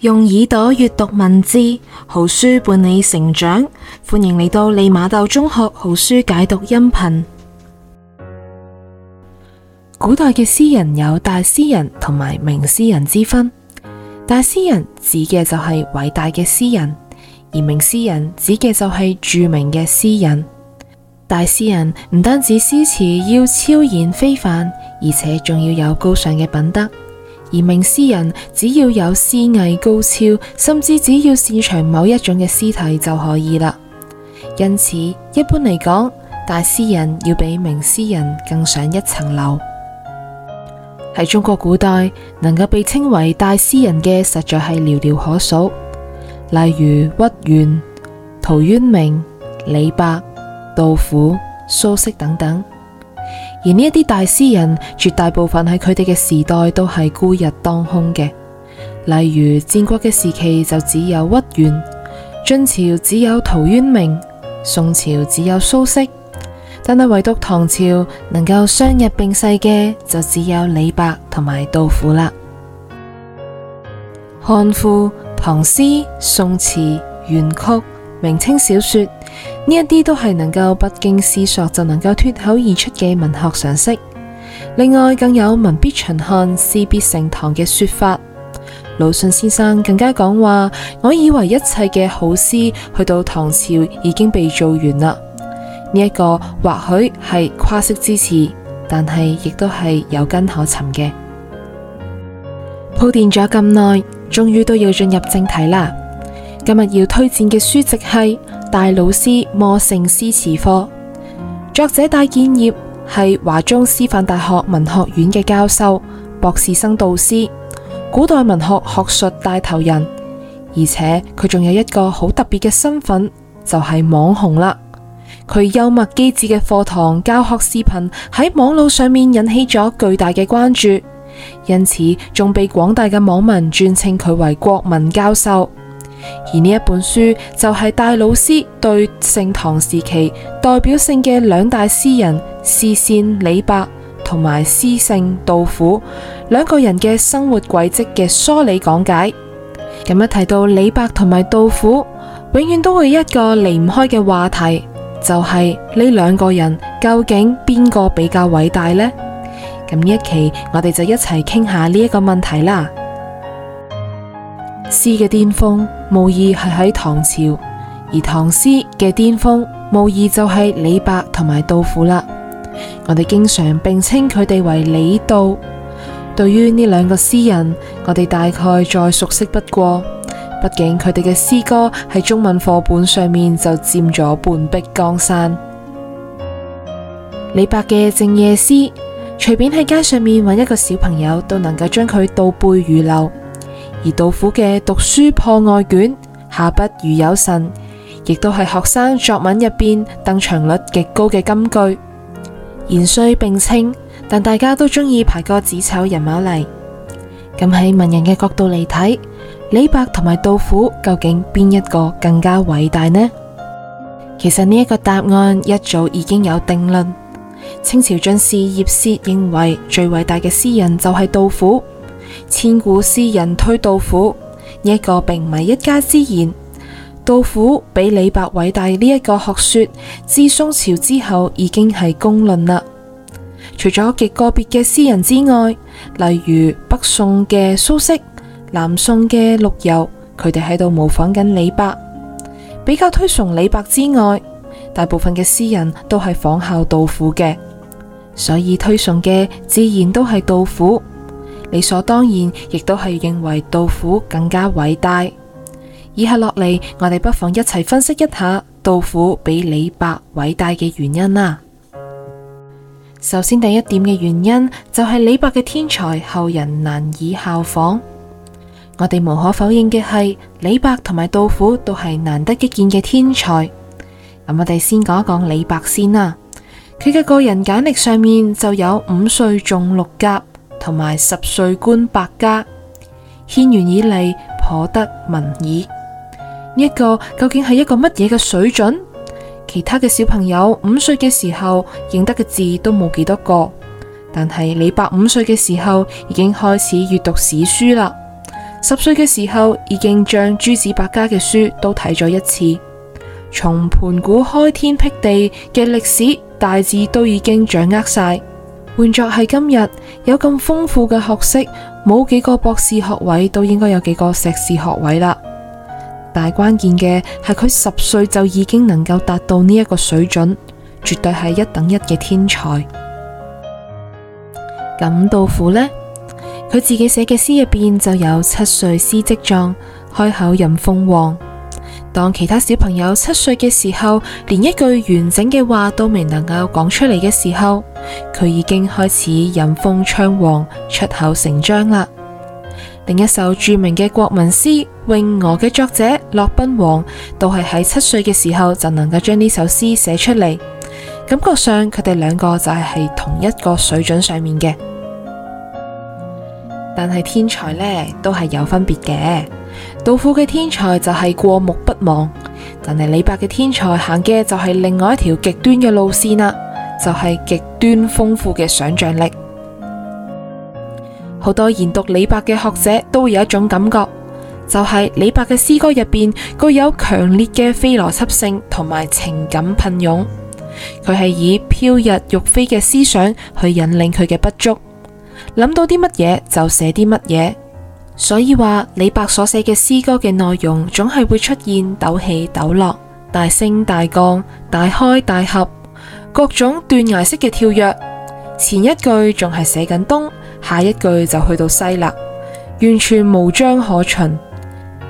用耳朵閱讀文字，好書伴你成長。歡迎嚟到利瑪竇中學好書解讀音頻。古代嘅詩人有大詩人同埋名詩人之分。大詩人指嘅就係偉大嘅詩人，而名詩人指嘅就係著名嘅詩人。大詩人唔單止詩詞要超然非凡，而且仲要有高尚嘅品德。而名詩人只要有詩藝高超，甚至只要擅長某一種嘅詩體就可以啦。因此，一般嚟講，大詩人要比名詩人更上一層樓。喺中國古代，能夠被稱為大詩人嘅，實在係寥寥可數。例如屈原、陶淵明、李白、杜甫、蘇軾等等。而呢一啲大詩人，絕大部分喺佢哋嘅時代都係孤日當空嘅。例如戰國嘅時期就只有屈原，晉朝只有陶淵明，宋朝只有蘇軾，但係唯獨唐朝能夠雙日並世嘅就只有李白同埋杜甫啦。漢賦、唐詩、宋詞、元曲、明清小說。呢一啲都係能夠不經思索就能夠脫口而出嘅文學常識。另外更有文必秦漢，詩必盛唐嘅說法。魯迅先生更加講話，我以為一切嘅好詩去到唐朝已經被做完啦。呢、這、一個或許係誇飾之詞，但係亦都係有根可尋嘅。鋪墊咗咁耐，終於都要進入正題啦。今日要推薦嘅書籍係。戴老師魔性詩詞課，作者戴建業，係華中師範大學文學院嘅教授、博士生導師、古代文學學術帶頭人，而且佢仲有一個好特別嘅身份，就係、是、網紅啦。佢幽默機智嘅課堂教學視頻喺網絡上面引起咗巨大嘅關注，因此仲被廣大嘅網民尊稱佢為國民教授。而呢一本書就係戴老師對盛唐時期代表性嘅兩大詩人，詩仙李白同埋詩聖杜甫兩個人嘅生活軌跡嘅梳理講解。咁一提到李白同埋杜甫，永遠都會一個離唔開嘅話題，就係呢兩個人究竟邊個比較偉大呢？咁一期我哋就一齊傾下呢一個問題啦。詩嘅巔峰無疑係喺唐朝，而唐詩嘅巔峰無疑就係李白同埋杜甫啦。我哋經常並稱佢哋為李杜。對於呢兩個詩人，我哋大概再熟悉不過，畢竟佢哋嘅詩歌喺中文課本上面就佔咗半壁江山。李白嘅《靜夜思》，隨便喺街上面揾一個小朋友都能夠將佢倒背如流。而杜甫嘅讀書破萬卷，下筆如有神，亦都係學生作文入邊登場率極高嘅金句。言雖並稱，但大家都中意排個子丑寅卯嚟。咁喺文人嘅角度嚟睇，李白同埋杜甫究竟邊一個更加偉大呢？其實呢一個答案一早已經有定論。清朝進士葉燮認為最偉大嘅詩人就係杜甫。千古詩人推杜甫，呢一個並唔係一家之言。杜甫比李白偉大呢一個學說，自宋朝之後已經係公論啦。除咗極個別嘅詩人之外，例如北宋嘅蘇軾、南宋嘅陸游，佢哋喺度模仿緊李白，比較推崇李白之外，大部分嘅詩人都係仿效杜甫嘅，所以推崇嘅自然都係杜甫。理所當然，亦都係認為杜甫更加偉大。以下落嚟，我哋不妨一齊分析一下杜甫比李白偉大嘅原因啦。首先，第一點嘅原因就係李白嘅天才後人難以效仿。我哋無可否認嘅係，李白同埋杜甫都係難得一見嘅天才。咁我哋先講一講李白先啦。佢嘅個人簡歷上面就有五歲中六甲。同埋十歲觀百家，軒轅以來，頗得聞矣。呢、這、一個究竟係一個乜嘢嘅水準？其他嘅小朋友五歲嘅時候認得嘅字都冇幾多個，但係李白五歲嘅時候已經開始閱讀史書啦，十歲嘅時候已經將諸子百家嘅書都睇咗一次，從盤古開天闢地嘅歷史大致都已經掌握晒。換作係今日，有咁豐富嘅學識，冇幾個博士學位都應該有幾個碩士學位啦。但係關鍵嘅係佢十歲就已經能夠達到呢一個水準，絕對係一等一嘅天才。咁杜甫呢，佢自己寫嘅詩入面就有七歲詩即壯，開口吟鳳凰」。當其他小朋友七歲嘅時候，連一句完整嘅話都未能夠講出嚟嘅時候，佢已經開始引風暢旺，出口成章啦。另一首著名嘅國文詩《詠鵝》嘅作者駱賓王，都係喺七歲嘅時候就能夠將呢首詩寫出嚟。感覺上佢哋兩個就係喺同一個水準上面嘅，但係天才呢，都係有分別嘅。杜甫嘅天才就係過目不忘，但係李白嘅天才行嘅就係另外一條極端嘅路線啦，就係極端豐富嘅想象力。好多研讀李白嘅學者都有一種感覺，就係李白嘅詩歌入邊具有強烈嘅非邏輯性同埋情感噴湧，佢係以飄逸欲飛嘅思想去引領佢嘅不足，諗到啲乜嘢就寫啲乜嘢。所以話，李白所寫嘅詩歌嘅內容總係會出現陡起陡落、大升、大降、大開大合各種斷崖式嘅跳躍。前一句仲係寫緊東，下一句就去到西啦，完全無章可循。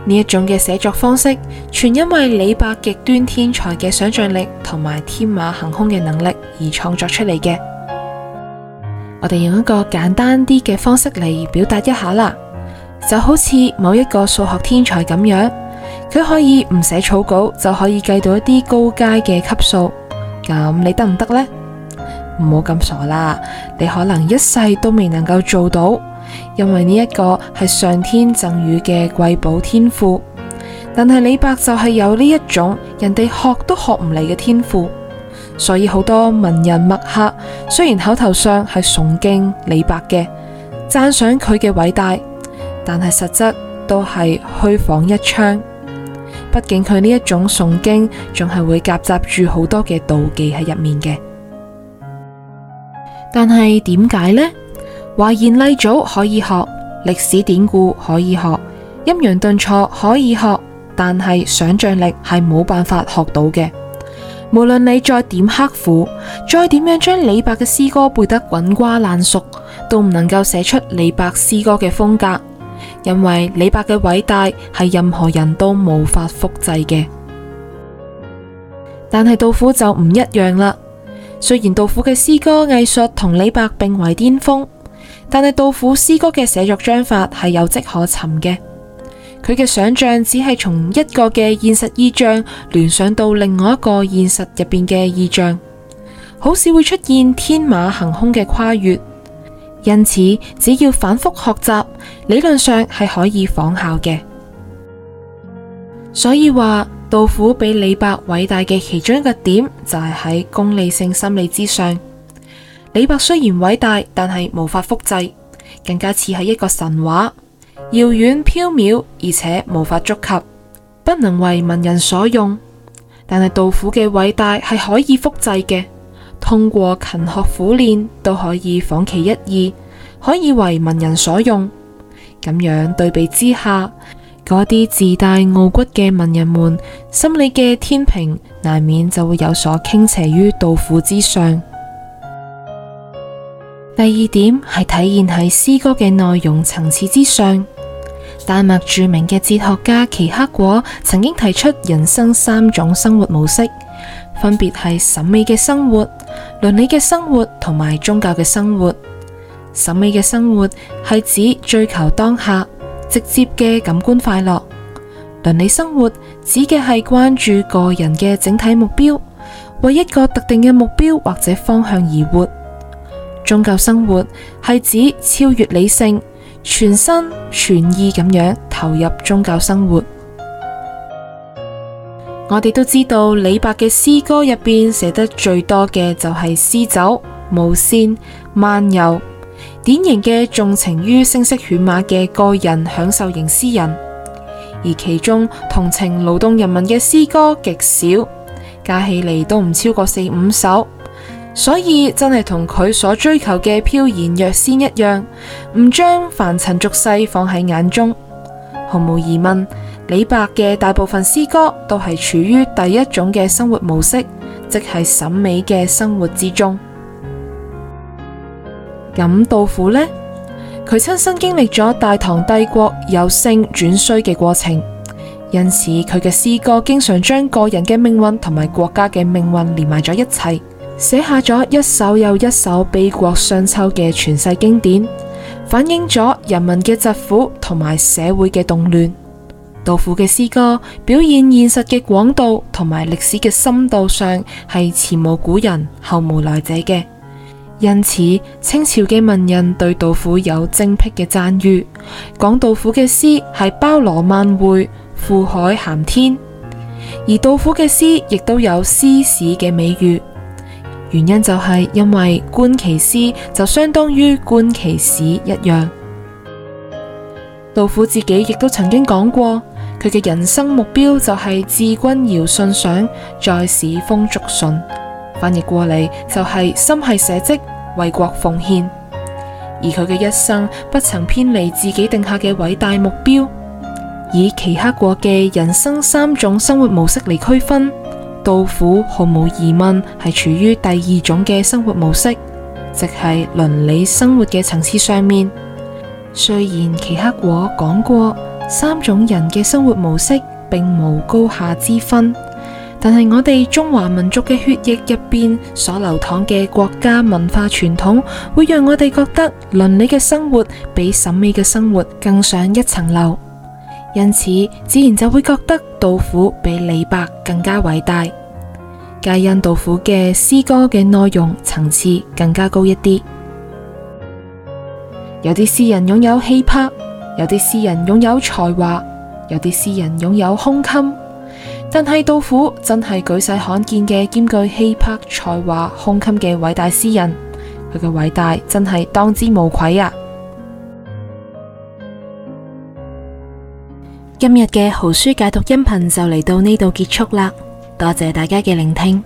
呢一種嘅寫作方式，全因為李白極端天才嘅想象力同埋天馬行空嘅能力而創作出嚟嘅。我哋用一個簡單啲嘅方式嚟表達一下啦。就好似某一個數學天才咁樣，佢可以唔寫草稿就可以計到一啲高階嘅級數。咁你得唔得呢？唔好咁傻啦，你可能一世都未能夠做到，因為呢一個係上天贈予嘅貴寶天賦。但係李白就係有呢一種人哋學都學唔嚟嘅天賦，所以好多文人墨客雖然口頭上係崇敬李白嘅，讚賞佢嘅偉大。但係實質都係虛晃一槍，畢竟佢呢一種誦經仲係會夾雜住好多嘅妒忌喺入面嘅。但係點解呢？華言麗藻可以學，歷史典故可以學，陰陽頓挫可以學，但係想象力係冇辦法學到嘅。無論你再點刻苦，再點樣將李白嘅詩歌背得滾瓜爛熟，都唔能夠寫出李白詩歌嘅風格。因為李白嘅偉大係任何人都無法複製嘅，但係杜甫就唔一樣啦。雖然杜甫嘅詩歌藝術同李白並為巔峰，但係杜甫詩歌嘅寫作章法係有跡可尋嘅。佢嘅想象只係從一個嘅現實意象聯想到另外一個現實入邊嘅意象，好少會出現天馬行空嘅跨越。因此，只要反覆學習，理論上係可以仿效嘅。所以話杜甫比李白偉大嘅其中一個點就係喺功利性心理之上。李白雖然偉大，但係無法複製，更加似係一個神話，遙遠縹緲，而且無法觸及，不能為文人所用。但係杜甫嘅偉大係可以複製嘅，通過勤學苦練都可以仿其一二。可以為文人所用，咁樣對比之下，嗰啲自帶傲骨嘅文人們心理嘅天平，難免就會有所傾斜於杜甫之上。第二點係體現喺詩歌嘅內容層次之上。丹麥著名嘅哲學家奇克果曾經提出人生三種生活模式，分別係審美嘅生活、倫理嘅生活同埋宗教嘅生活。審美嘅生活係指追求當下直接嘅感官快樂；倫理生活指嘅係關注個人嘅整體目標，為一個特定嘅目標或者方向而活；宗教生活係指超越理性，全身全意咁樣投入宗教生活。 我哋都知道李白嘅詩歌入邊寫得最多嘅就係詩酒、舞仙、漫遊。典型嘅重情於聲色犬馬嘅個人享受型詩人，而其中同情勞動人民嘅詩歌極少，加起嚟都唔超過四五首，所以真係同佢所追求嘅飄然若仙一樣，唔將凡塵俗世放喺眼中。毫無疑問，李白嘅大部分詩歌都係處於第一種嘅生活模式，即係審美嘅生活之中。咁杜甫呢？佢親身經歷咗大唐帝國由盛轉衰嘅過程，因此佢嘅詩歌經常將個人嘅命運同埋國家嘅命運連埋咗一齊，寫下咗一首又一首悲國傷秋嘅傳世經典，反映咗人民嘅疾苦同埋社會嘅動亂。杜甫嘅詩歌表現現實嘅廣度同埋歷史嘅深度上，係前無古人後無來者嘅。因此，清朝嘅文人對杜甫有精辟嘅讚譽，講杜甫嘅詩係包羅萬匯、富海涵天，而杜甫嘅詩亦都有詩史嘅美譽。原因就係因為觀其詩就相當於觀其史一樣。杜甫自己亦都曾經講過，佢嘅人生目標就係致君堯舜上，再使風俗淳。翻譯過嚟就係、是、心係社稷，為國奉獻。而佢嘅一生不曾偏離自己定下嘅偉大目標。以奇克果嘅人生三種生活模式嚟區分，杜甫毫無疑問係處於第二種嘅生活模式，即係倫理生活嘅層次上面。雖然奇克果講過三種人嘅生活模式並無高下之分。但係我哋中華民族嘅血液入邊所流淌嘅國家文化傳統，會讓我哋覺得倫理嘅生活比審美嘅生活更上一層樓，因此自然就會覺得杜甫比李白更加偉大，皆因杜甫嘅詩歌嘅內容層次更加高一啲。有啲詩人擁有氣魄，有啲詩人擁有才華，有啲詩人擁有胸襟。但係杜甫真係舉世罕見嘅兼具氣魄、才華、胸襟嘅偉大詩人，佢嘅偉大真係當之無愧啊！今日嘅好書解讀音頻就嚟到呢度結束啦，多謝大家嘅聆聽。